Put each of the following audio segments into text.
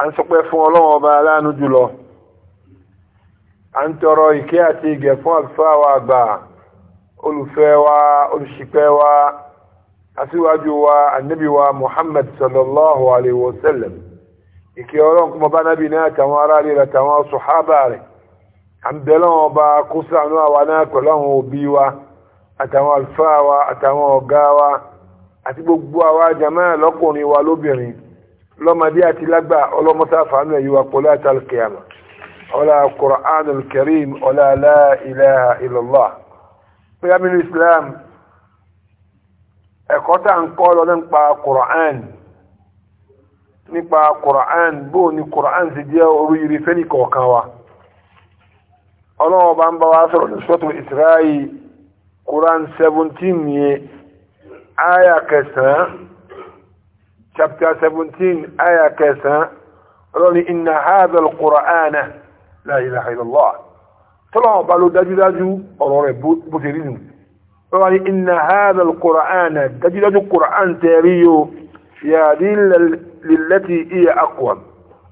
à ń sọpẹ́ fún ọlọ́run ọba aláàánú jùlọ à ń tọrọ ìkẹ́ àti ìgẹ̀ fún àlùfáà wa àgbà olùfẹ́ wa olùṣìpẹ̀ wa aṣíwájú wa ànábì wa Muhammad sallallahu alayhi wa sallam ìkẹ́ ọlọ́run kó mọ́ bá nábì náà àtàwọn aráàlú rẹ̀ àtàwọn sọ̀hábà rẹ̀ à ń bẹ lọ́wọ́ ọba kó ṣàánú àwa náà pẹ̀lú àwọn òbí wa àtàwọn àlùfáà àtàwọn ọ̀gá wa àti gbogbo àwa jàmáà lọ́kùnrin wa lóbìnrin lọ́mọdé àti lágbà ọlọ́mọta fàánù ẹ̀yíwá pọ̀lú àtàlùkìyàmà ọlá kùránù kẹrìm ọlá la ilaha illallah bóyá nínú islam ẹ̀kọ́ tá ń kọ́ lọ nípa kùrán nípa kùrán bóò ni kùrán sì jẹ́ orí irin fẹ́ni kọ̀ọ̀kan wa ọlọ́wọ́ ń bá wa sọ̀rọ̀ ní sọ́tò israel kùrán 17 yẹn áyà kẹsàn-án chapter seventeen aya kẹsàn-án ọlọ́ni inna hadha al-Qur'ana la ilaha illallah tọ́lọ́wọ́n bá ló dájúdájú ọ̀rọ̀ rẹ̀ bó ṣe rí nù ọlọ́ni inna hadha al-Qur'ana dájúdájú Qur'an tẹ̀rí yóò yàdí lillati iya aqwam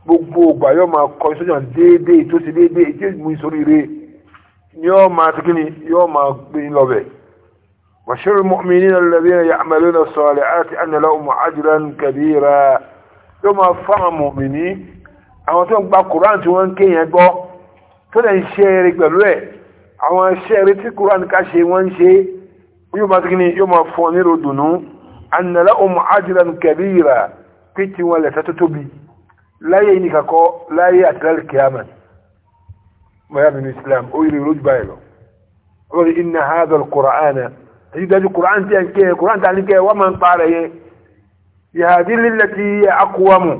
gbogbo ògbà yóò máa kọ ìsọ́jà déédéé tó ṣe déédéé tí mo ń rẹ̀ yóò máa ti yóò máa gbé lọ́bẹ̀ẹ́ وشر المؤمنين الذين يعملون الصالحات أن لهم أجرا كبيرا يوم فهم مؤمنين àwọn tó ń gba koran tí wọ́n ń kéèyàn gbọ́ tó lè ń ṣe eré pẹ̀lú ẹ̀ àwọn ṣe eré tí koran ká ṣe wọ́n ń ṣe yóò máa tigi ni yóò máa fọ nílò dùnú ànàlá òmù ájúra kẹbíra pé tí wọ́n lẹ̀sẹ̀ tó tóbi láyé ní kakọ́ láyé àtìlẹ́lì kìámà mọ̀yá bínú Islam ó yẹ lè lójú báyìí lọ. wọ́n ní inna hadha al-Qur'ana ìdájú kùrán tí ẹ ń kẹ́ kùrán tí a ní kẹ́ wọ́n máa ń pa rẹ̀ yẹ ìhàdí lílẹ̀ tí akọwàmù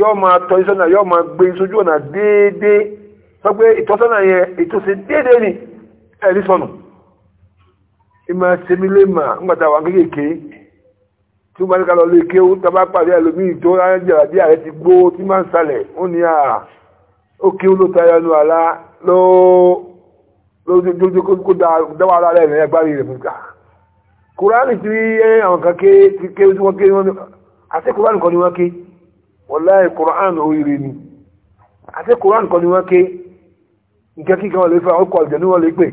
yóò máa tọ́ ìsọ́nà yóò máa gbé sójú ọ̀nà déédéé sọ pé ìtọ́sọ́nà yẹn ìtòsí déédéé ni ẹ̀rí sọnù ìmọ̀ wà tí wọ́n bá ní ká lọ lé ké tàbá pàdé ẹlòmíì tó bí ààrẹ ti gbó tí máa ń salẹ̀ ó ní à ó kí ó ló ẹnu àlá kó dáwọ́ ara rẹ̀ rẹ̀ mú kùránì tí àwọn kan ké ké tí wọ́n ké wọ́n àti kùránì kan ni wọ́n ké wọ́láì kùránì oríire ni àti kùránì kan ni wọ́n ké nǹkan kíkan wọ́n lè fẹ́ ọkọ̀ àlùjànnú wọ́n lè pè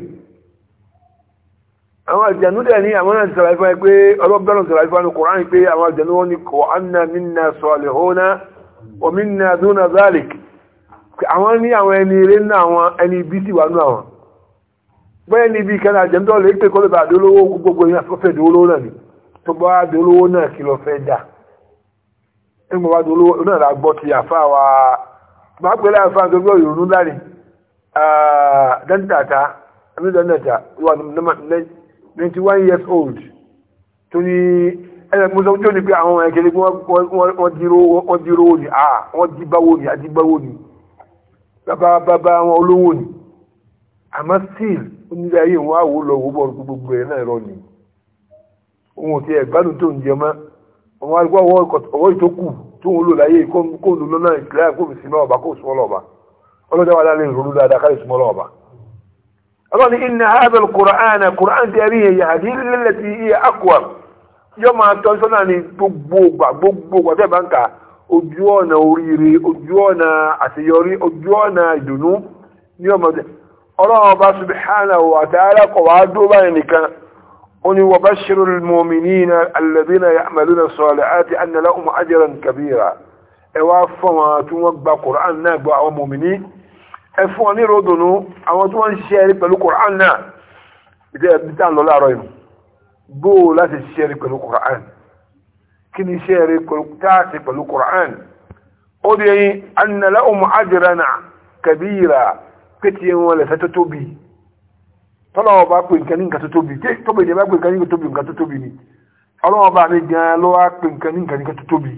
àwọn àlùjànnú dẹ̀ ní àwọn náà sàlàyé pé ọlọ́gbẹ́rún sàlàyé fún kùránì pé àwọn àlùjànnú wọn ni kò anna minna salihuna wa minna duna zalik àwọn ní àwọn ẹni eré ní àwọn ẹni ibi sì wà ní àwọn bẹ́ẹ̀ ni kana ìkànnì àjẹ́mdọ́ lè pè kọ́lẹ̀ bá àdólówó gbogbo ìyá fẹ́fẹ́ ìdólówó náà ni tó bá àdólówó náà kí lọ fẹ́ dà nígbà bá àdólówó náà la gbọ́ ti àfa wa má pẹ́lẹ́ àfa tó gbọ́ ìrònú láre ah, dáńtàtà àmì dáńtàtà wà ninety one years old tó ní ẹnlẹ musa tó ní pé àwọn ẹ̀kẹ́lẹ́ wọ́n dirówó ni wọ́n ni ah, ni bàbá bàbá àmọ́ still onílé ayé wọn àwò lọ wò bọ́ọ̀lù gbogbo ẹ̀ náà rọ ni òun ti ẹ̀gbádùn tó ń jẹ mọ́ ọwọ́ ìtókù tó ń lò láyé lọ́nà ìpìlẹ̀ kó súnmọ́ ìrònú dáadáa súnmọ́ kur'an ti máa tọ́ sọ́nà gbogbo tẹ́ ojú ọ̀nà oríire ojú ọ̀nà àṣeyọrí ojú ọ̀nà ìdùnnú ní ọlọ́run ọba subhanahu wa ta'ala kọ̀ wá dúró báyìí nìkan ó ní wa bashiril mu'minina alladhina ya'maluna salihati anna lahum ajran kabira ẹ wá fún wọn tí wọ́n gba Qur'an náà gba àwọn mọ̀mìnì ẹ fún wọn ní ròdùnú àwọn tí wọ́n ń pẹ̀lú Qur'an náà ìdí ẹ̀bí tá lọ láàárọ̀ yìí bó láti ṣe pẹ̀lú Qur'an kí ni ṣe ẹ̀rí pẹ̀lú Qur'an ó di ẹyin anna lahum ajran kabira pé tí wọn lẹ̀fẹ́ tó tóbi tọ́lọ́wọ́ bá pè nǹkan ní nǹkan tó tóbi tí tóbi ìdí bá pè nǹkan ní nǹkan tóbi nǹkan tó tóbi ni ọlọ́wọ́ bá mi gan ló wá pè nǹkan ní nǹkan ní nǹkan tó tóbi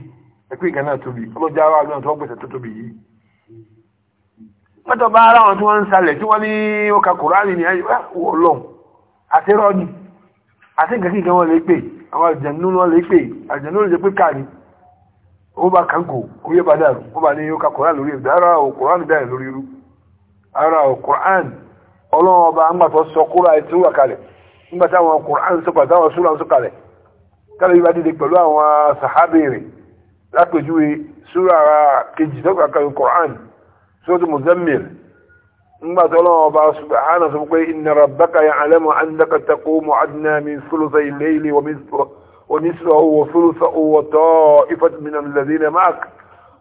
ẹ pé nǹkan náà tóbi ọlọ́jà wa lóyún tó gbèsè tó tóbi yìí. mọ́tò bá ara wọn tí wọ́n ń salẹ̀ tí wọ́n ní ó ka kùránì ní ayé wọ́ lọ́n àti rọ́ọ̀nì àti nǹkan kí nǹkan wọn lè pè àwọn àjẹnú ara Qur'an ọlọ́wọ́ bá ń gbàtọ́ sọ kúrò àti wà kalẹ̀ nígbàtà àwọn Qur'an sọ pàtàkì àwọn súra sọ kalẹ̀ kálẹ̀ yíba dìde pẹ̀lú àwọn sàhábìrì lápèjúwe súra kejì tó kàkàrí Qur'an suratul Muzammil nígbàtà ọlọ́wọ́ bá subhanahu sọ pé inna rabbaka ya'lamu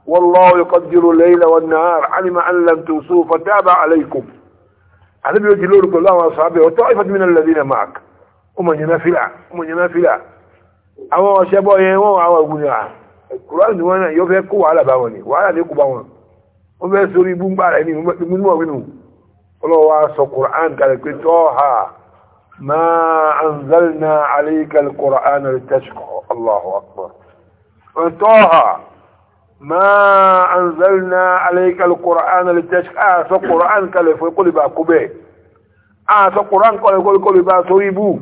والله يقدر الليل والنهار علم أن لم تنسوا فتاب عليكم النبي يجي لورك الله وأصحابه وطائفة من الذين معك ومن ينافلع ومن ينافلع أما وشابه يمو أما وقنع القرآن وانا يفكوا على باوني وعلى ليكوا باوني وما يسوري بوم من ما الله وعصى القرآن قال كتوها ما أنزلنا عليك القرآن لتشكو الله أكبر وطوها ما أنزلنا عليك القرآن لتشقى آسى القرآن كالفو يقول با كبه آسى القرآن كالفو يقول با سريبو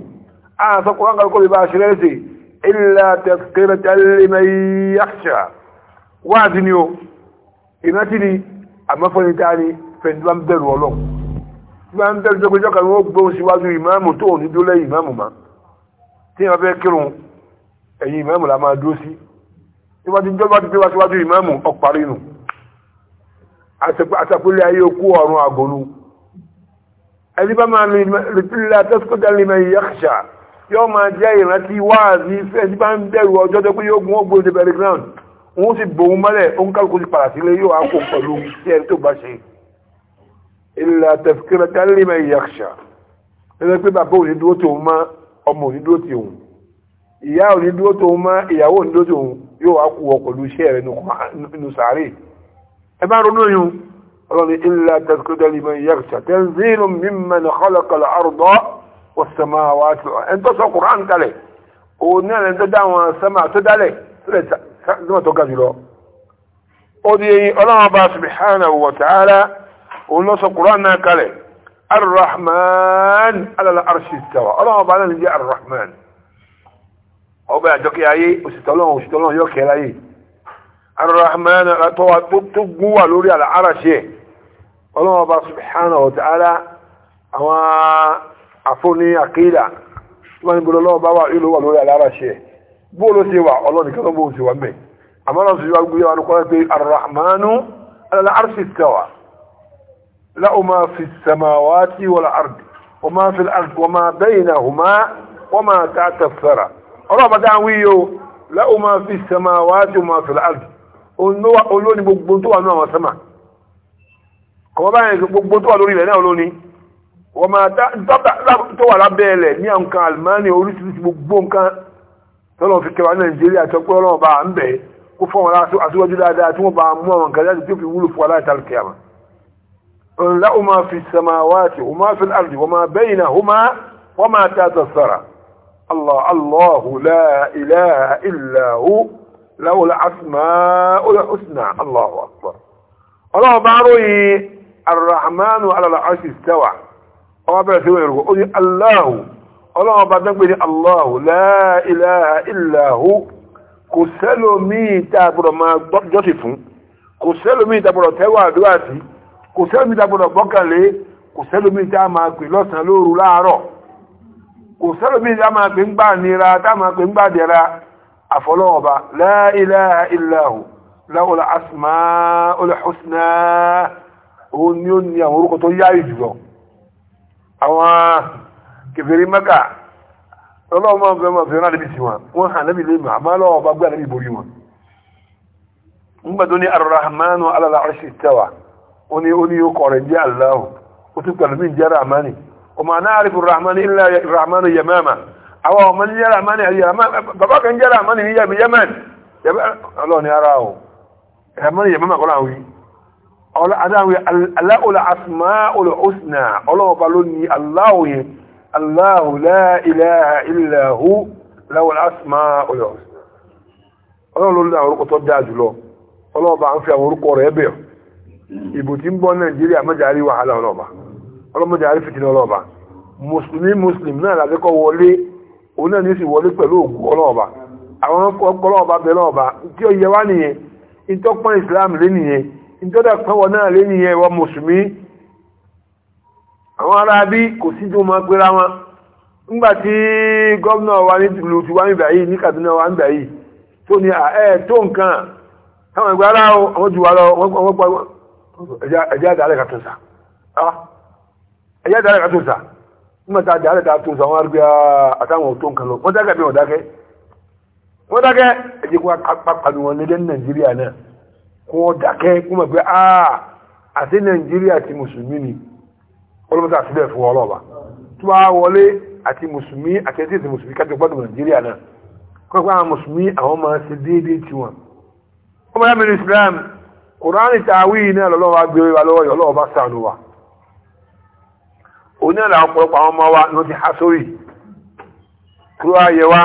آسى القرآن كالفو يقول با شريسي إلا تذكرة لمن يخشى وعدنيو إمتني أما فنتاني فندوان بدل ولو فندوان بدل جوكو جوكو جوكو بون سوازو إمام توني دولي إمام ما تين أبي كيرون أي إمام لما دوسي síwájú jọba ti tẹ́wà síwájú ìmáàmù ọ̀parí nù àtàkùnlé ayé okú ọ̀run àgọ́nú ẹni bá máa lè tẹ́síkọ́tà lèmẹ̀ yàkṣà yóò máa jẹ́ ìrántí wáàzí ẹni bá ń bẹ̀rù ọjọ́ tó pé yóò gún ọgbọ̀n ní bẹ̀rẹ̀ ground wọ́n sì bòun mọ́lẹ̀ ó ń kálukú sí padà sílé yóò ákó pẹ̀lú sí ẹni tó bá ṣe ìlà tẹ́síkọ́tà lèmẹ̀ yàkṣà ẹni pé bàbá òní dúró tòun má ọmọ òní dúró tòun ìyá òní dúró tòun má ìyàwó òní dúró tòun yóò wá kú wọ pẹ̀lú iṣẹ́ rẹ̀ nínú sàárè ẹ bá ronú yìí ọlọ́ni ilẹ̀ tẹ́síkúdẹ́lì mọ́ yẹ́kṣà tẹ́sílù mímọ́ ní kọ́lọ̀kọ̀lọ̀ àrùdọ́ wọ́sàmá wa ti ẹn tó sọ kùrán kalẹ̀ òun náà lẹ́n tó dá wọn sẹ́mà tó dálẹ̀ sílẹ̀ tó ga jùlọ. ó di ọlọ́run bá subhanahu wa ta'ala òun lọ sọ kùrán náà kalẹ̀ arrahman alala arshi tawa ọlọ́run bá náà ní jẹ́ arrahman ọba àjọkẹ́ ayé òsìtọ́lọ́hún òsìtọ́lọ́hún yóò kẹ́ láyé arahman tọ́wà tó gún wà lórí àràṣì ẹ̀ ọlọ́wọ́ bá subhanahu wa ta'ala àwọn àfóní àkídà tó bá ní gbọdọ̀ lọ́wọ́ bá wà ìlú wà lórí àràṣì ẹ̀ bó ló ṣe wà ọlọ́ni kí lọ́wọ́ ṣe wà mẹ́ àmọ́ lọ́wọ́ ṣe wà gbúyẹ́ wà lókọ́ pé arahmanu ala arsi tawa lahu ma fi samawati wal ardi wa ma fi al ardi wa ma baynahuma wa ma ta'ta thara ọlọ́ọ̀bá tá à ń wí yìí o lẹ́wọ̀n máa fi sẹ́mà wáá tí o máa fẹ̀lẹ́ àdù olóni gbogbo tó wà nínú àwọn sẹ́mà kọ̀wọ́ báyìí gbogbo tó wà lórí ilẹ̀ náà olóni wọ́n máa tó wà lábẹ́ ilẹ̀ ní àwọn kan àlùmánì oríṣiríṣi gbogbo nǹkan tọ́lọ̀ fi kẹwàá nàìjíríà tó pé ọlọ́run bá ń bẹ̀ kó fún wọn aṣíwájú dáadáa tí wọ́n bá mú àwọn nǹkan láti tó fi wúlò fún الله الله لا إله إلا هو له الأسماء الحسنى الله أكبر الله باروي الرحمن على العرش استوى أبا سويره الله الله بدنبني الله لا إله إلا هو كسلمي تابر ما جوتفون كسلمي تابر توا دواتي كسلمي تابر بوكالي كسلمي تابر ما كلوسن لورو لارو kò sẹ́lòmí tá máa pè ń gbà nira tá máa pè ń gbà dẹ̀ra àfọlọ́ọ̀ba la ilaha illa hu lahul asmaul husna òun ni ó ní àwọn orúkọ tó yáyì jùlọ àwọn kèfèrí mẹ́kà ọlọ́mọ ọmọ fẹ́ràn níbi tí wọn wọ́n hàn níbi lè mọ̀ àmọ́ وما نعرف الرحمن إلا الرحمن يماما أو من جرى من يماما بابا كان جرى من هي بيمن الله نراه من يماما قول عنه قال أدام الله الأسماء الحسنى الله بلوني الله الله لا إله إلا هو له الأسماء الحسنى الله لا أرقى تبدأ جلو الله بعنفع ورقى ربيع ibo tí ń bọ́ nàìjíríà mọ́jàrí wàhálà ọlọ́ba ọlọ́mọdé àrífi ti lọ́ọ̀bà mùsùlùmí mùsùlùmí náà làbẹ́kọ̀ wọlé òun náà ní sì wọlé pẹ̀lú ògùn ọlọ́ọ̀bà àwọn ọlọ́ọ̀bà bẹ̀ lọ́ọ̀bà tí ó yẹ wá nìyẹn ìtọ́pọ̀n islam lé nìyẹn náà lé nìyẹn mùsùlùmí àwọn kò sí tó máa pera wọn nígbà tí gómìnà wa ní ti wá nígbà yìí ní wọn pa ẹ̀yà dára ká tó sà nígbà tá a dára ká tó sà wọn arí àtàwọn tó ń kan lọ wọ́n dákẹ́ bí wọ́n dákẹ́ wọ́n dákẹ́ ẹ̀jẹ̀ kó apapàdé wọn lédè ní nàìjíríà náà kó wọ́n dákẹ́ kó mọ̀ pé aa àti nàìjíríà ti mùsùlùmí ni ọlọ́mọdé àti bẹ́ẹ̀ fún ọlọ́ọ̀bà tó bá wọlé àti mùsùlùmí àti ẹtí ti mùsùlùmí kájọ gbọ́dọ̀ nàìjíríà náà kọ́kọ́ àwọn mùsùlùmí àwọn máa ṣe déédéé tiwọn ọmọdé mi ní islam kùránì tàwí náà lọ́wọ́ wa gbé wa lọ́wọ́ yọ lọ́wọ́ bá sànù wa òní àlà ọ̀pọ̀lọpọ̀ àwọn ọmọ wa ló ti há sórí kúrò ayé wa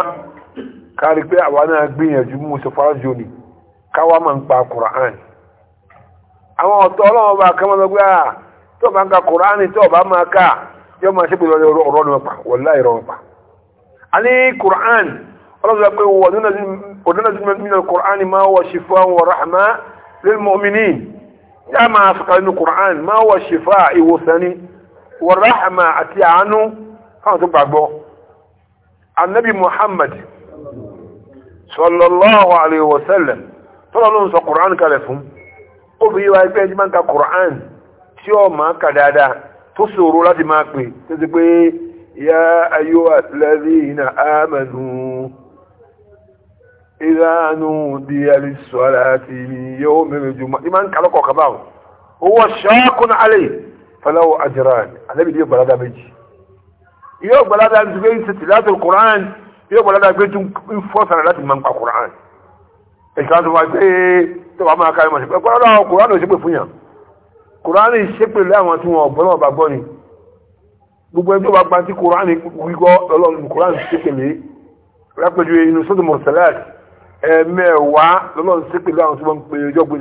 kárí pé àwa náà gbìyànjú mú sọ fárájò ní káwá máa ń pa Kùrán àwọn ọ̀tọ̀ ọlọ́wọ́ bá kẹ́mọ́ lọ gbé àà tó bá ń ka Kùrán tó bá máa ká yóò máa ṣe pé ọ̀rọ̀ ni wọ́n pa wàláhì ìrọ̀ wọn pa wàràhàmà àti àánú fáwọn tó gbàgbọ́ annabi muhammad sallallahu alaihi wasallam tọ́lọ́ ló ń sọ kùrán kalẹ̀ fún ó fi yíwa ẹgbẹ́ ẹjí máa ń ka kùrán tí ó máa kà dáadáa tó ṣòro láti máa pè tó ti pé ya ayo alladhina amanu ìlànà di alìsọ́lá ti yóò mẹ́rin jùmọ́ ìmá ń kalọ́kọ̀ọ́ kaba ó wọ́ ṣọ́kùn fọlọ́wọ́ àjẹrán ànábì ní ìgbàládà méjì yóò gbàládà ní ṣùgbọ́n ìṣètì láti kùrán yóò gbàládà pé tún ń fọ́sàrà láti máa ń pa kùrán ẹ̀ṣẹ̀ láti wá pé tó wàá máa kárí màṣẹ́ pé kùrán ò kùrán ò ṣépè fún yàn kùrán ṣépè lé àwọn tí wọn ọ̀gbọ́n náà bá gbọ́ ni gbogbo ẹni tó bá gbanti kùrán gbígbọ́ lọ́lọ́run kùrán ṣépè lé lápẹjù inú sọ́dọ̀ mọ̀sálẹ́t ẹ̀ẹ́mẹ́wàá lọ́lọ́run ṣépè lé àwọn tí wọ́n ń pe ọjọ́ gbé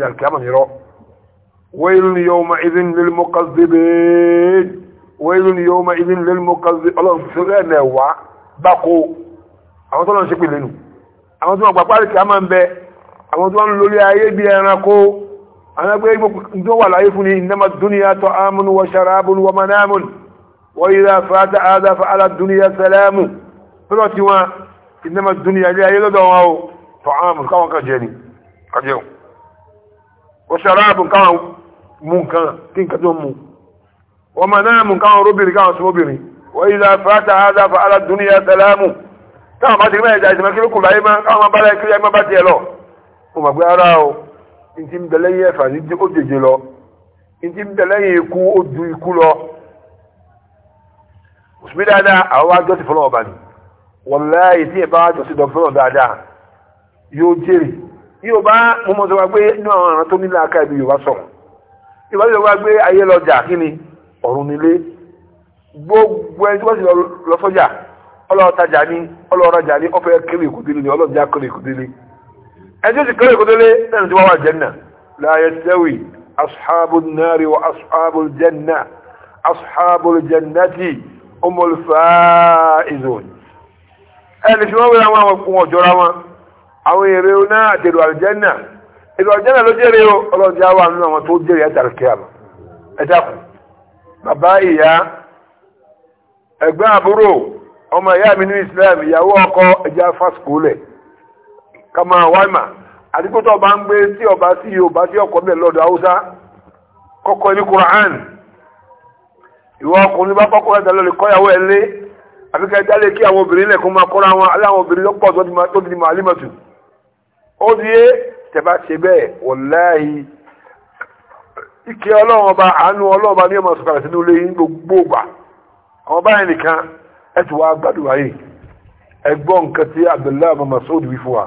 ويل يوم إذن للمقذبين ويل يومئذ للمكذبين الله سبحانه wa bako àwọn tó lọ ṣe pẹ̀lẹ́ nù àwọn tó wọ́n pàpá rí kí a máa ń bẹ àwọn tó wọ́n lórí ayé bí ẹranko àwọn ẹgbẹ́ tó wà láyé fún ní ìnáma dúníyà tó ámúnú wọ ṣarábùn wọ manámùn wọ́n yíra fàáta àádá fàálà dúníyà sẹlẹ́mù pẹ́lọ̀ tí wọ́n ìnáma dúníyà lé ayé lọ́dọ̀ wọn o tó ámùn káwọn kan jẹ ni kàjẹun wọ ṣarábùn káwọn mú nǹkan kí nǹkan tó mú wọ́n máa náà mú nǹkan orúbìnrin káwọn súnmọ́bìnrin wọ́n yìí láti fàáta àádáfà aládùnúyà sàlámù táwọn bá ti mẹ́rin ìjà ìsinmi kílùkù láyé máa káwọn máa bára ìkírí ẹgbẹ́ bá tiẹ̀ lọ mo mọ̀ pé ara o n ti ń bẹ lẹ́yìn ẹ̀fà ní ó jèjì lọ n ti ń bẹ ikú ó ju ikú lọ òsùnmí dáadáa àwọn wá jọ́sìn fọlọ́ ọ̀bàní yóò jèrè yóò bá mo mọ̀ sọ inú àwọn àrùn tó nílò aká ibi yóò sọ̀rọ̀ ìwádìí wá gbé ayé lọ́jà kí ni ọ̀run nílé gbogbo ẹni tí wọ́n sì lọ sọ́jà ọlọ́ọ̀tajà ni ọlọ́ọ̀rajà ni ọ̀fẹ́ kéré ìkúdélé ni ọlọ́ọ̀jà kéré ìkúdélé ẹni tí ó sì kéré ìkúdélé lẹ́nu tí wọ́n wà jẹ́nà la yastawi ashabu nari wa ashabu janna ashabu jannati umul faizun ẹni tí wọ́n wéra wọn àwọn ọjọ́ra wọn àwọn èrè náà àtẹ̀rù àlùjẹ́nà ìlú ọ̀jẹ́nà ló jẹ́rẹ̀ o ọlọ́dún yà wà àwọn tó jẹ́rẹ̀ ẹ̀dà rẹ̀ kíyàmù bàbá ìyá ẹ̀gbẹ́ àbúrò ọmọ ìyá mi ní Islam ìyàwó ọkọ ẹ̀jẹ̀ afásùkúlẹ̀ kama wáìmà àdìgbò ọba ń gbé ọba sí ọba sí ọkọ lọ́dọ̀ haúsá kọ́kọ́ ní ìwọ ọkùnrin bá kọ́kọ́ kọ́yàwó àfikẹ́ tẹ́bá ṣe bẹ́ẹ̀ wọ̀láyì ìkẹ́ ọlọ́run ọba àánú ọlọ́run ọba ní ọmọ sọ̀kalẹ̀ sínú ilé yín gbogbo ìgbà àwọn báyìí nìkan ẹ ti wá gbàdúrà yìí ẹgbọ́n nǹkan tí abdullahi bin masoud wí fún wa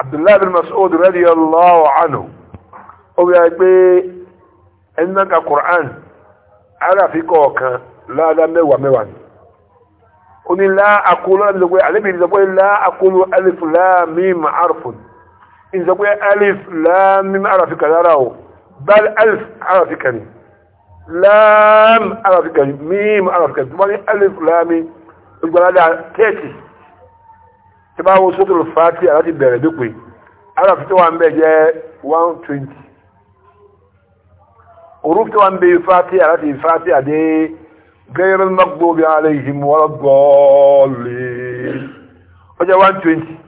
abdullahi bin masoud radiyallahu anhu ó wí pé ẹni náà ka quran aláàfin kọ̀ọ̀kan láàdá mẹ́wàá mẹ́wàá ni ó ní láàkóló alẹ́ bìí ní sọ pé láàkóló alif láàmì ma'arfun ìsọ pé alif láàmì arafika lára o bal alif arafika ni láàmì arafika ni mímù arafika ni tó bá ní alif láàmì ìgbàládà tẹ́ẹ̀tì tí bá wo sótò fàátì àláti bẹ̀rẹ̀ dípò arafi tó wà ń bẹ̀ jẹ́ 120 orúkú tó wà ń bẹ̀ fàátì àláti fàátì àdé gẹ́rẹ́ mọ́gbó bí aláìhìm wọ́n gbọ́ọ̀lẹ́ ọjọ́ 120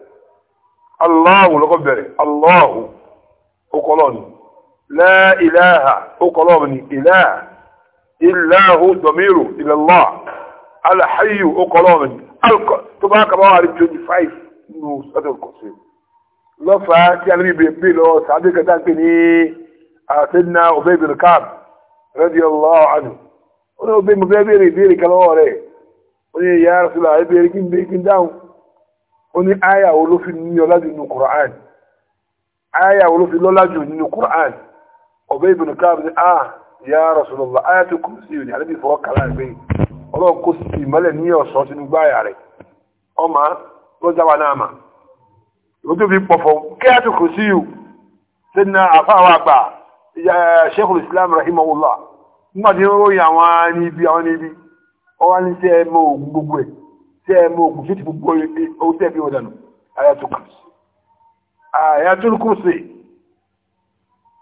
Allahu lọ́kọ́ bẹ̀rẹ̀ Allahu okọlọ́ni la ilaha okọlọ́ni ilaha illahu domiru ilallah alhayu okọlọ́ni tó bá kaba wà ní 25 nù sọ́dọ̀ kọ̀sí lọ́fà tí a lè bèèrè lọ sàbí kẹta pé ní àtẹ́nà Ubay bin Ka'b radiyallahu anhu ó ní ó aya àyà wo fi Qur'an àyà wo ló fi ah, ya Rasulullah àyà tó kù sí ìrìn àdébí fọwọ́ kàlá si ọlọ́run kó sì mọ́lẹ̀ ní ọ̀sán sínú gbáyà rẹ̀ ọmọ lọ́jà wa náà mà ó tó fi pọ̀fọ̀ kí á tó kù sí ìhù sínú Islam rahimahullah nígbà tí ó ròyìn àwọn níbi àwọn tẹ́ ẹ mọ ògùn fífi gbogbo owó tẹ́ ẹ fi wọn dànù ayatul kursi ayatul kursi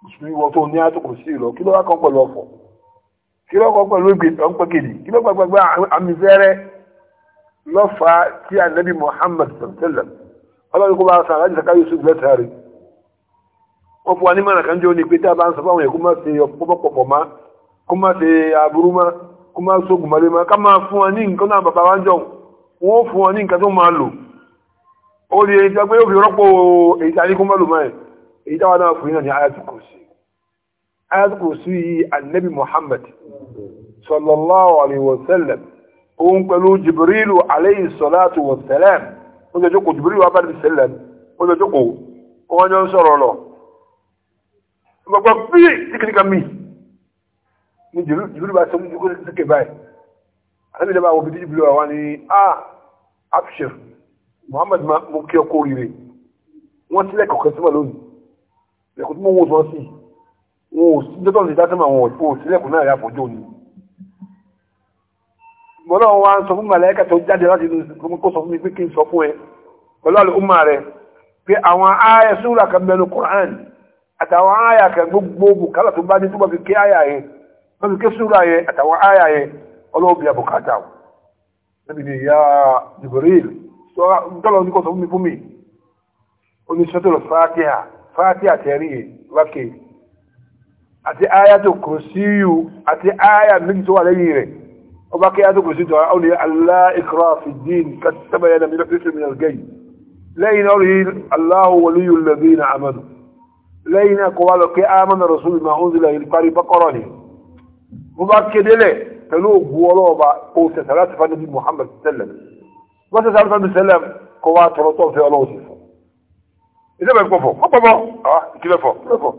mùsùlùmí wọ́n tó ní ayatul kursi lọ kí ló wá kọ́ pẹ̀lú ọ̀fọ̀ kí ló kọ́ pẹ̀lú ọ̀npẹ̀kẹ̀lì kí ló gbàgbà àmì fẹ́rẹ́ lọ́fà tí anabi muhammad sallam ọlọ́run kó bá a sàn láti sàkà yusuf lẹ́tàrí wọ́n fún wa ní mọ̀nà kan jẹ́ òní pé tá a bá ń sọ fáwọn yẹn kó má ṣe ọ̀pọ̀pọ̀pọ̀ má kó má ṣe aburú má kó má ṣogun mọ́lé má ká máa fún wa ní nǹkan náà bàbá wa ń jọ̀hún wọ́n fún ọ ní nǹkan tó máa lò ó lè jẹ́ pé ó fi rọ́pò èyí tí a ní kó mọ́lò mọ́ ẹ̀ èyí táwa náà fún náà ní ayatul kursi ayatul kursi annabi muhammad sallallahu alayhi wa sallam òun pẹ̀lú jibrilu alayhi salatu wa salam ó jẹ́ jókòó jibrilu abáni sallam ó jẹ́ jókòó wọ́n jọ ń sọ̀rọ̀ lọ gbogbo bí tíkìtíkà mi ní jibrilu bá sọ mú jókòó sí kébáyì alẹ́ mi dábàá wọ bí jibrilu wà wá ní ah abshir muhammed ma mo kí ọkọ rire wọ́n sílẹ̀ kọ̀ọ̀kan símọ̀ lónìí ẹ̀kọ́ tí mo wò sọ́ọ́ sí wọn ò sí dọ́tọ̀ ní dátẹ́mà wọn ò sílẹ̀kùn náà yàfọ́jọ́ ni mọ́lá wa ń sọ fún màláíkà tó jáde láti inú kó sọ fún mi pé kí n sọ fún ẹ pẹ̀lú àlùkùnmá rẹ̀ pé àwọn ààyè súra kan bẹnu Qur'an àtàwọn ààyè kan gbogbo bùkálà tó bá ní túbọ̀ fi ké ààyè yẹn wọ́n fi ké súra yẹn àtàwọn ààyè yẹn ọlọ́ọ̀bì àbùkátà wọn níbi ni ìyá Jibril sọ dọ́lọ̀ ní kò sọ fún mi fún mi ó ní sọ́tò fàtíà fàtíà tẹ̀rí lákè àti àyà tó kò sí yù àti àyà méjì tó wà lẹ́yìn rẹ̀ ọba kí àyà tó kò sí tó ó ní Allah ikra fi dín kàtàbà yẹn nàmi lọ́fíìsì mi ọ̀gẹ́ pẹ̀lú ògbó ọlọ́ọ̀ba kò sẹ̀sẹ̀ láti fà níbi Muhammad sẹ́lẹ̀ wọ́n sẹ̀sẹ̀ láti fà níbi sẹ́lẹ̀ kó wá tọrọ tó fẹ́ ọlọ́wọ́ sí fún ìṣe bẹ̀ gbọ̀fọ̀ ọ̀pọ̀pọ̀ ìkìlẹ̀ fọ̀ pẹ̀fọ̀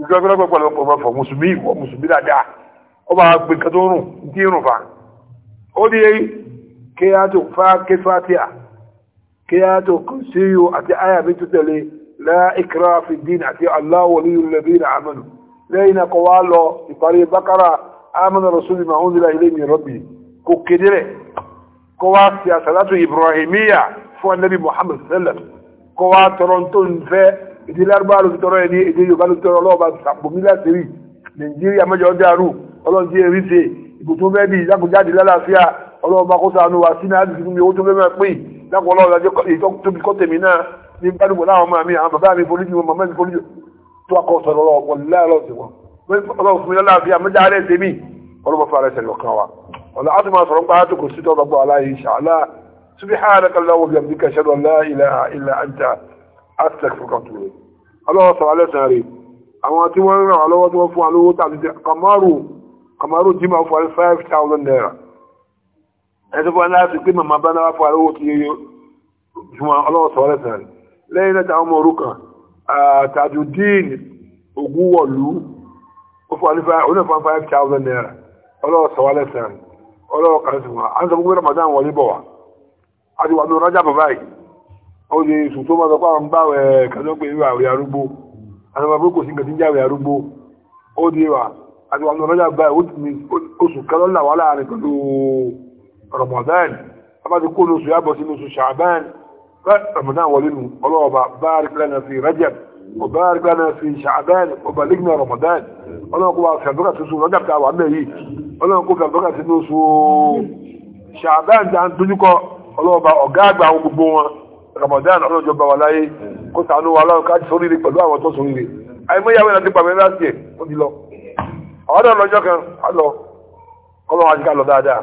ìgbàgbọ́n pẹ̀pọ̀ fọ̀ mùsùlùmí ìwọ mùsùlùmí dáadáa ó máa gbé nǹkan tó rùn tí ń rùn fa ó ní kí á tó fa kí fatia kí á tó síyò àti àyà mi tó tẹ̀lé láìkírà fìdín àti aláwọ̀ líyùn lẹ́bí ìrà àmọ́nù lẹ́yìn náà kọ́ wá lọ ìparí bákàrà amana rasuli ma unzila ilayhi min rabbi kò kéde rẹ̀ kó wá sí àsàlátù ibrahimiya fún anabi muhammad sallam kó wá tọrọ tó ń fẹ́ èdè lárúbá ló fi tọrọ ẹni èdè yorùbá ló fi tọrọ ọlọ́ọ̀bá sàpòmí láti rí nàìjíríà mẹ́jọ dàrú ọlọ́ọ̀dí èrí ṣe ibùtún bẹ́ẹ̀ bí ìjákùjáde lálàáfíà ọlọ́ọ̀bá kó sànù wá sínú àdìsí fún mi owó tó fẹ́ máa pín lápò ọba òfin lọ́la fi àmọ́jà rẹ̀ tèmi ọlọ́mọ fara ẹsẹ̀ lọ́kàn wa ọ̀la á tún máa sọ̀rọ̀ nípa àtúkò sí tọ́ba gbọ́ aláyé ṣàlá subhanaka allahumma wa bihamdika ashhadu an la ilaha illa anta astaghfiruka wa atubu ilayk ọlọ́wọ́ sọ̀rọ̀ alẹ́ sàn rè àwọn tí wọ́n ràn lọ́wọ́ tí wọ́n fún wa lówó tàbí kamaru kamaru jimá fún wa five thousand naira ẹsẹ̀ fún wa ó fún alifa ó náà fún five thousand naira ọlọ́wọ́ sọ wá lẹ́sẹ̀ ọlọ́wọ́ kan ramadan wọlé bọ̀ wá a ti wà ní ọ̀rájà bàbá yìí ó lè sùn tó máa sọ pé àwọn bá ẹ̀ kàdọ́ pé ìwà àwẹ̀ arúgbó àwọn bàbá kò sí nǹkan tí ń jáwé arúgbó ó di wà àti wà ní ọ̀rájà bàbá yìí oṣù kẹlọ́ là wà láàrin pẹ̀lú ramadan abájú kó ní oṣù yàbọ̀ sínú oṣù ṣàbán ramadan wọlé nù ọlọ́wọ́ bá bá rí وبارك لنا في شعبان وبلغنا رمضان ọlọ́run kó wa fẹ̀bọ́kà tuntun lọ́jà tí a wà mẹ́ yìí ọlọ́run kó fẹ̀bọ́kà tí ó so ṣàbáyàn tí a ń dojúkọ ọlọ́ọ̀bá ọ̀gá àgbà àwọn gbogbo wọn Ramadan ọlọ́jọ́ bá wà láyé kó sànú wa ọlọ́run ká sóríire pẹ̀lú àwọn tó sóríire àìmọ́yàwó ìrántí pàmẹ́ láti ẹ̀ ó ti lọ àwọn náà lọ́jọ́ kan á lọ ọlọ́run àti ká lọ dáadáa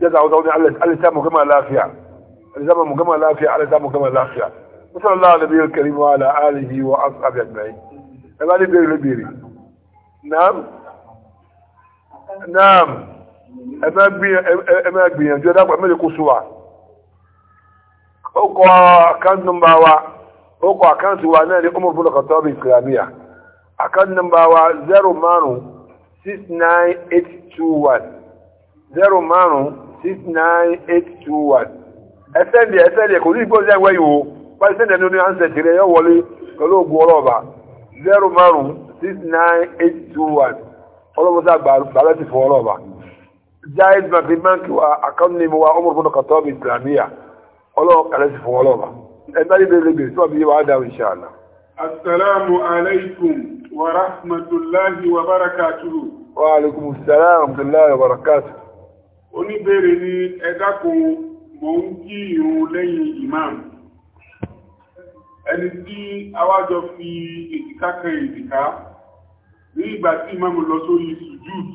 jẹ́ta àwọn tó ní alẹ́ sáà mọ̀kẹ́mà وصلى الله على نبي الكريم وعلى آله وأصحابه أجمعين هذا بيري لبيري نعم نعم أما أبي أما أبي أنا جدا أما لكسوة أقوى كان نمبر أقوى كان سوى نادي أمر بن الخطاب الإسلامية أكان نمبر زيرو مانو 69821 zero márùn-ún six nine eight two one ẹsẹ̀ ń bẹ̀ ẹsẹ̀ ń bẹ̀ kò ní ìgbọ́nsẹ̀ wẹ́yìí o báyìí sẹ́ndẹ̀ ní ánsẹ̀tì rẹ̀ yóò wọlé pẹ̀lú ogun ọlọ́ọ̀bà 0569821 ọlọ́mọdé àgbàlá ti fọ jaiz bank wa akamni wa umar bin khattab islamiya ọlọ́ọ̀kàlẹ́ ti fọ ọlọ́ọ̀bà ni ẹ dákun ń kí irun lẹ́yìn ìmáàmù ẹni tí awájọ fi èjìká kan èjìká ní ìgbà tí ìmáàmù lọ sórí sùjúd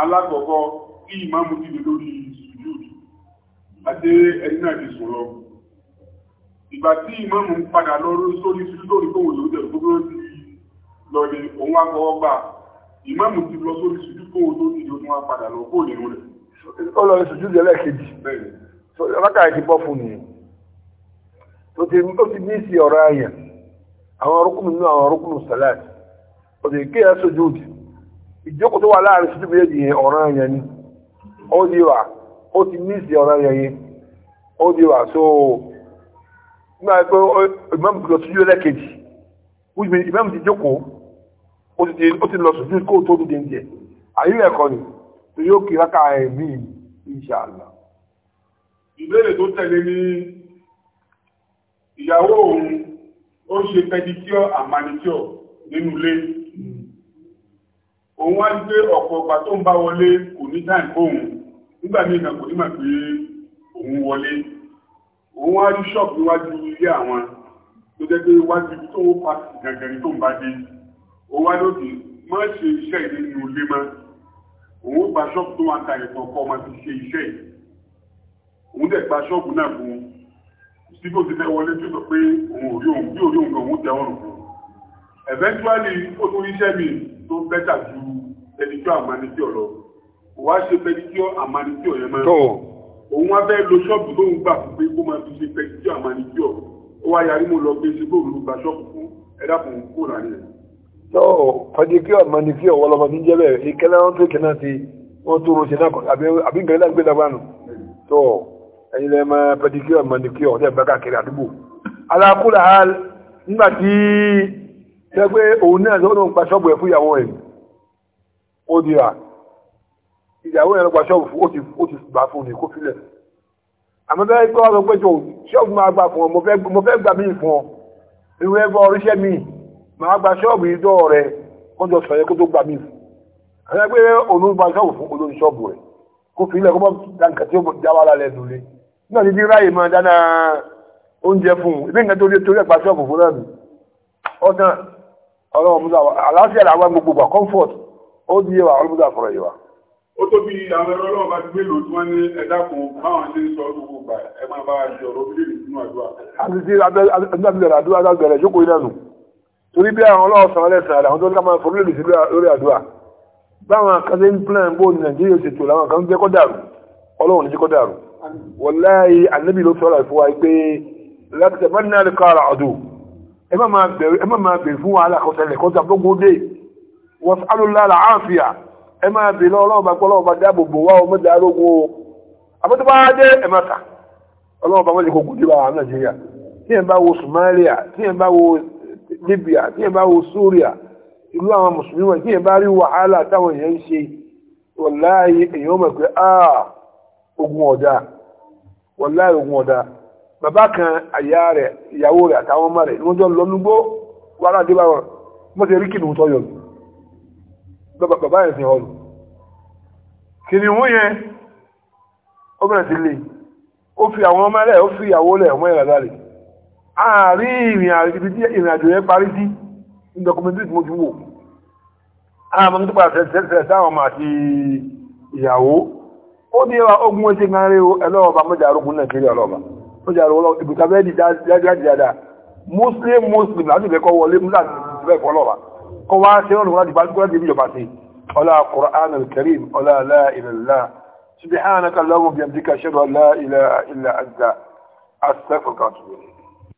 alákọ̀ọ́kọ́ tí ìmáàmù dìde lórí sùjúd àti ẹni náà ti sùn lọ ìgbà tí ìmáàmù ń padà lọ sórí sùjúd lórí kòwò yóò jẹ́ gbogbo ti lọ ní òun akọ̀ọ́ gbà ìmáàmù ti lọ sórí sùjúd kòwò tó dìde ó tún wá padà lọ kó nínú rẹ̀. ó lọ sùjúd lẹ́lẹ́kejì bẹ́ẹ̀ ni rákà ti bọ́ fún nìyẹn. ó ti ní sí ọ̀rọ̀ àyàn àwọn rúkùnù nínú àwọn rúkùnù salat ó kí ẹ sojú òdì ìjókòó tó wà láàrin sojú méjì yẹn ọ̀rọ̀ àyàn ni ó di wà ó ti ní sí ọ̀rọ̀ yẹn ó di wà so nígbà pé ìmáàmù ti lọ sojú ẹlẹ́kejì ìmáàmù ti jókòó ó ti lọ sojú kó tó dìde ń ẹ̀kọ́ ni yóò kí rákà ìyàwó òun ó ṣe pẹdikíọ́ àmànìkíọ́ nínú ilé òun wá ń gbé ọ̀pọ̀ ọgbà tó ń bá wọlé kò ní time fóun nígbà míì náà kò ní mà pé òun wọlé òun wá rí ṣọ́ọ̀bù níwájú ilé àwọn tó jẹ́ pé wájú ibi tó wọ́n pàṣẹ gàngàn tó ń bá dé òun wá lóde má ṣe iṣẹ́ ìdí nínú ilé mọ́ òun ó gba ṣọ́ọ̀bù tó wà ń ta ẹ̀kọ́ ọmọ ti ṣe iṣẹ́ òun dẹ̀ gba ṣọ́ọ̀bù náà fún un tí kò ti fẹ́ wọlé tí ó sọ pé òun ò rí òun bí òrí òun gan òun tẹ ọrùn eventually ó tún ríṣẹ́ mi tó bẹ́tà ju pẹ̀lú àmánití ọ̀lọ́ wá ṣe pẹ̀lú àmánití ọ̀yẹ́ máa òun wá fẹ́ lo ṣọ́ọ̀bù tó ń gbà fún pé kó máa fi ṣe pẹ̀lú àmánití ó wá yarí mo lọ gbé ṣe bóòlù gba ṣọ́ọ̀bù fún ẹ̀dá kó rà ní ẹ̀. tó pẹ̀lú àmánití ọ̀wọ́ lọ́mọ ẹ̀yin lẹ́ mọ pẹdikíọ̀ mọ̀nìkíọ̀ ọ̀dẹ́ bẹ́ẹ̀ káàkiri àdúgbò alákùlà á nígbà tí ṣe pé òun náà ló ń pa ṣọ́ọ̀bù ẹ̀ fún ìyàwó ẹ̀ ó di rà ìyàwó ẹ̀ ló pa ṣọ́ọ̀bù fún ó ti gbà fún ní kó filẹ̀ àmọ́ bẹ́ẹ̀ tó wà lọ pé tó ṣọ́ọ̀bù máa gbà fún ọ mo fẹ́ gbà míì fún ọ ìwé ẹgbẹ́ oríṣẹ́ míì máa gba ṣọ́ọ̀bù yìí dọ́ọ̀ rẹ kọjọ sọ̀yẹ́ kó tó gbà míì fún àwọn ẹgbẹ́ òun gba ṣọ́ọ̀bù fún olórí ṣọ́ọ̀bù rẹ̀ kó fi ilẹ̀ kó mọ́ dáǹkà tí ó jáwá lálẹ́ nulẹ̀ náà ti di ráyè máa dáná oúnjẹ fún un ìbí nǹkan tó lé torí ẹ̀pà ṣọ́ọ̀bù fún náà nù ọ̀tàn ọlọ́run musa àlàáfíà làwọn gbogbo wa comfort ó di yẹwà ọlọ́run musa fọ̀rọ̀ yẹwà. ó tóbi àwọn ẹ̀rọ ọlọ́run bá ti gbé lò tí wọ́n ní ẹ̀dá kan báwọn ṣe ń sọ gbogbo gbà ẹ máa bá di ọ̀rọ̀ orílẹ̀-èdè sínú àdúrà. àti ti abẹ́rẹ́ àdúrà lágbẹ̀rẹ̀ jókòó ilẹ̀ nù torí bí àwọn ọlọ́run sọ̀rọ̀ lẹ́sẹ̀ àdà àwọn tó ń ká máa fọ orílẹ̀-èdè sí lórí àdúrà báwọn kan ṣe ń plan bó ní nàìjíríà ṣètò làwọn kan ń jẹ́ kọ́ dàrú ọlọ́run ní jẹ́ kọ́ dàrú wàláyé ànábì ló sọ̀rọ̀ fún wa pé lápẹ̀tẹ̀ bá náà lè kọ́ ara ọ̀dọ̀ ẹ má máa bèèrè fún wàhálà kọ́sẹ̀lẹ̀ kọ́sẹ̀ gbogbo dé wọ́n alùlára àáfíà ẹ máa bèèrè ọlọ́ọ̀bá pọ́lọ́ọ̀bá dáàbòbò wá ọmọ dárógó àbọ́tọ́ bá dé ẹ má ta ọlọ́ọ̀bá mọ́lẹ̀ kò gùn díbà nàìjíríà tí ẹ bá wo Somalia tí ẹ bá wo Libya tí ẹ bá wo mọ̀ pé ah ogun ọ̀dà wọláì ogun ọ̀dà bàbá kan àyà rẹ̀ ìyàwó rẹ̀ àtàwọn ọmọ rẹ̀ ni wọ́n jọ lọ nugbó wàrà dé báwọn wọ́n ti rí kìnìún tó yọ̀ bàbá yẹn fi hàn lù kìnìún yẹn ó bẹ̀rẹ̀ sí lè ó fi àwọn ọmọ rẹ̀ ó fi ìyàwó rẹ̀ wọ́n yẹn rẹ̀ àárín ìrìn àjò yẹn parí sí ní dọkumẹ́ntì mo ti wò àwọn ọmọ tó padà sẹ́sẹ̀ sáwọn ọmọ àti ìyàwó ó ní ẹwà ogun ó ṣe gan rí ẹlọ́ọ̀bá mọ́jàrógún nàìjíríà ọlọ́ọ̀bá mọ́jàrógún ìbùkàbẹ́ di dáadáa muslim muslim láti ìfẹ́kọ́ wọlé mú láti ìfẹ́kọ́ ọlọ́ọ̀bá kọ́ wá ṣe ọ̀nà láti bá la ilallah subhanaka allahumma biyamdika ashhadu an ilaha illa anta astaghfiruka wa